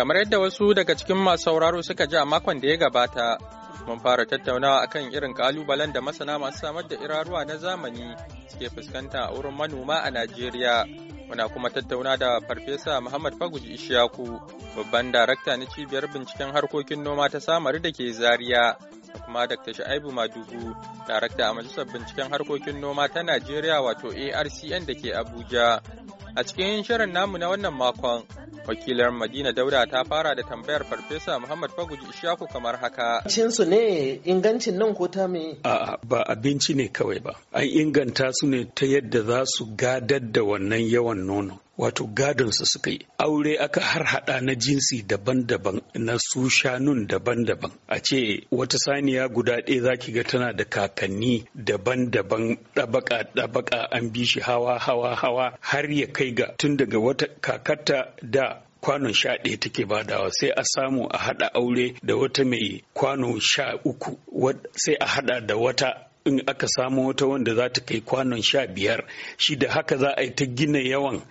Kamar yadda wasu daga cikin masu sauraro suka ji a makon da ya gabata, mun fara tattaunawa akan irin kalubalen da masana masu samar da iraruwa na zamani suke fuskanta a wurin manoma a Najeriya. Muna kuma tattauna da Farfesa Muhammad Faguji Ishaku, babban darakta na cibiyar binciken harkokin noma ta samari da ke Zaria, da kuma Dr. Sha'ibu Madugu, darakta a Majalisar Binciken Harkokin Noma ta Najeriya wato ARCN da ke Abuja. A cikin shirin namu na wannan makon, wakilar Madina Dauda ta fara da tambayar Farfesa Muhammad Faguji Ishaku kamar haka. Cinsu ne ingancin nan ko ta me? A'a ba abinci ne kawai ba. An inganta su ne ta yadda za su gadar da wannan yawan nono. wato gadonsa suka yi aure aka har hada na jinsi daban-daban na su shanun daban-daban a ce wata saniya guda ɗaya za ki ga tana da kakanni daban-daban ɗabaka ɗabaka an bi shi hawa hawa hawa har ya kai ga tun daga wata kakata da kwanon sha ɗaya take badawa sai a samu a haɗa aure da wata mai kwanon sha uku sai a haɗa da wata in aka samu wata wanda za ta kai kwanon sha biyar shi da haka za a yi ta gina yawan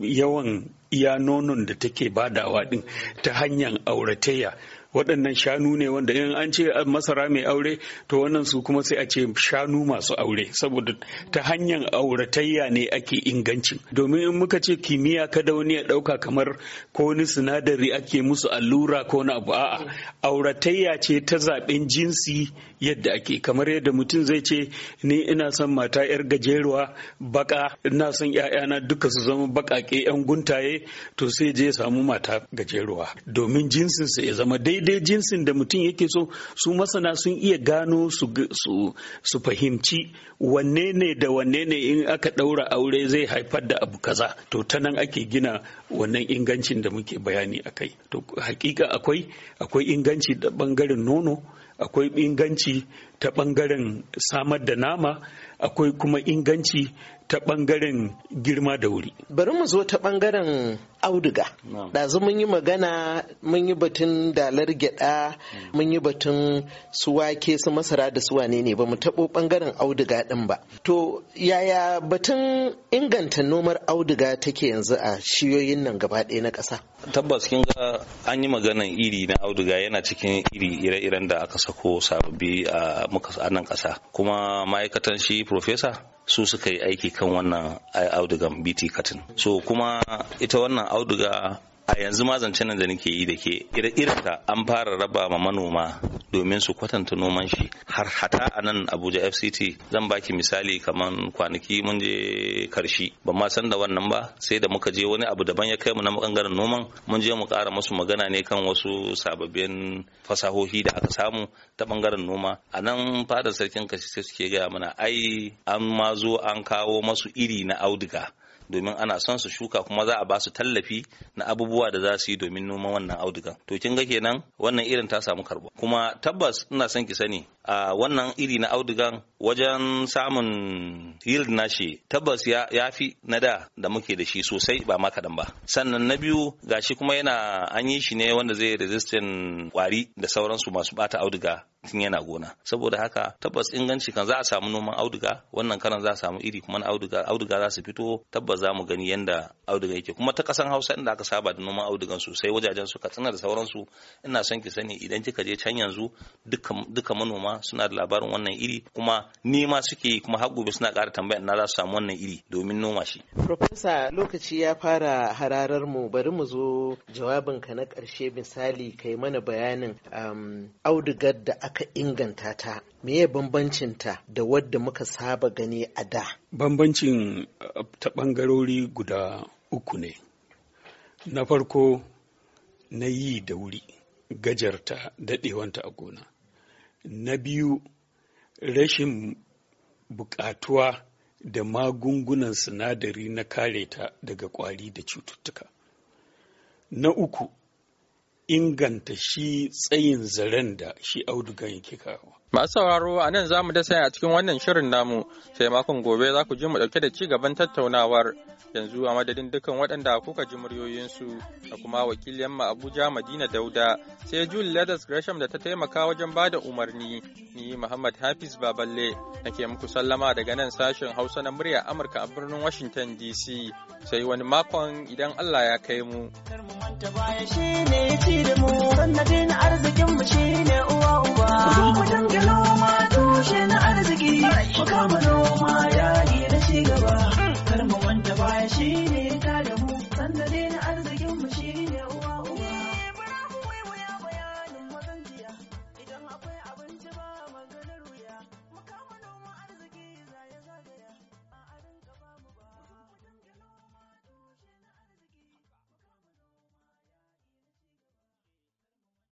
yawan iya nonon da take badawa din ta hanyar auratayya waɗannan shanu ne wanda in an ce masara mai aure to wannan su kuma sai a ce shanu masu aure saboda ta hanyar auratayya ne ake ingancin domin in muka ce kimiyya kada wani ya ɗauka kamar ko wani sinadari ake musu allura ko na abu a'a auratayya ce ta zaɓen jinsi yadda ake kamar yadda mutum zai ce ni ina son mata yar gajeruwa baka ina son ‘ya'yana duka su zama baƙaƙe ‘yan guntaye to sai je ya samu mata gajeruwa domin jinsinsa ya zama dai daidai jinsin da mutum yake so su masana sun iya gano su fahimci wanne ne da wanne ne in aka ɗaura aure zai haifar da abu kaza to ta nan ake gina wannan ingancin da muke bayani a kai to hakika akwai akwai inganci da bangaren nono akwai inganci ta ɓangaren samar da nama akwai kuma inganci ta ɓangaren girma da wuri. Bari mu zo ta ɓangaren auduga. Ɗazu mun yi magana mun yi batun dalar gyaɗa hmm. mun yi batun su wake su masara da su wane ne ba mu taɓo ɓangaren auduga ɗin ba. To yaya batun inganta nomar auduga take yanzu a shiyoyin nan gaba ɗaya na ƙasa? Tabbas kin ga an yi maganan iri na auduga yana cikin iri ire-iren da aka sako sababbi a muka a nan ƙasa kuma ma'aikatan shi profesa su suka yi aiki kan wannan audugan bt katin so kuma ita wannan auduga a yanzu ma zancen nan da nake yi da ke irta an fara raba ma manoma domin su kwatanta noman shi har hata a nan abuja fct zan baki misali kamar kwanaki mun je karshi ban ma san da wannan ba sai da muka je wani abu daban ya kai mu na bangaren noman mun je mu kara masu magana ne kan wasu sababbin fasahohi da aka samu ta bangaren noma a nan fadar sarkin kashi sai suke gaya mana ai an ma zo an kawo masu iri na auduga domin ana son su shuka kuma za a ba su tallafi na abubuwa da za su yi domin noman wannan audugan to kin ga kenan wannan irin ta samu karbo kuma tabbas ina son ki sani a wannan iri na audugan wajen samun yield shi tabbas ya fi na da da muke da shi sosai ba ma kadan ba sannan na biyu gashi kuma yana an yi shi ne wanda zai resistant kwari da sauransu masu bata auduga tun yana gona saboda haka tabbas inganci kan za a samu noman auduga wannan karan za a samu iri kuma auduga auduga za su fito tabbas za mu gani yanda auduga yake kuma ta kasan Hausa inda aka saba da noman audugan sosai wajajen su Katsina da sauransu ina son ki sani idan kika je can yanzu duka manoma suna da labarin wannan iri kuma nema suke kuma har gobe suna ƙara tambaya ina za su samu wannan iri domin noma shi Profesa lokaci ya fara hararar mu bari mu zo jawabinka na ƙarshe misali kai mana bayanin um, audugar da aka inganta ta meye ta da wadda muka saba gani a da bambancin uh, ta bangarori guda uku ne na farko na yi da wuri gajarta daɗewanta a gona na biyu rashin bukatuwa da magungunan sinadari na kare ta daga ƙwari da cututtuka na uku inganta shi tsayin zaren da shi audugan yake kawo. Masu sauraro a nan za mu da a cikin wannan shirin namu sai makon gobe za ku ji mu dauke da ci gaban tattaunawar yanzu a madadin dukkan waɗanda kuka ji muryoyinsu da kuma Wakil mu Abuja Madina Dauda sai Jul Ladas Gresham da ta taimaka wajen bada umarni ni Muhammad Hafiz Baballe nake muku sallama daga nan sashen Hausa na murya Amurka a birnin Washington DC sai wani makon idan Allah ya kai mu. ta baya shi ne ya ci da mu sannadin arzikin mu shi ne uwa uba zo mu dangalo na arziki mu kama noma yayi na ci gaba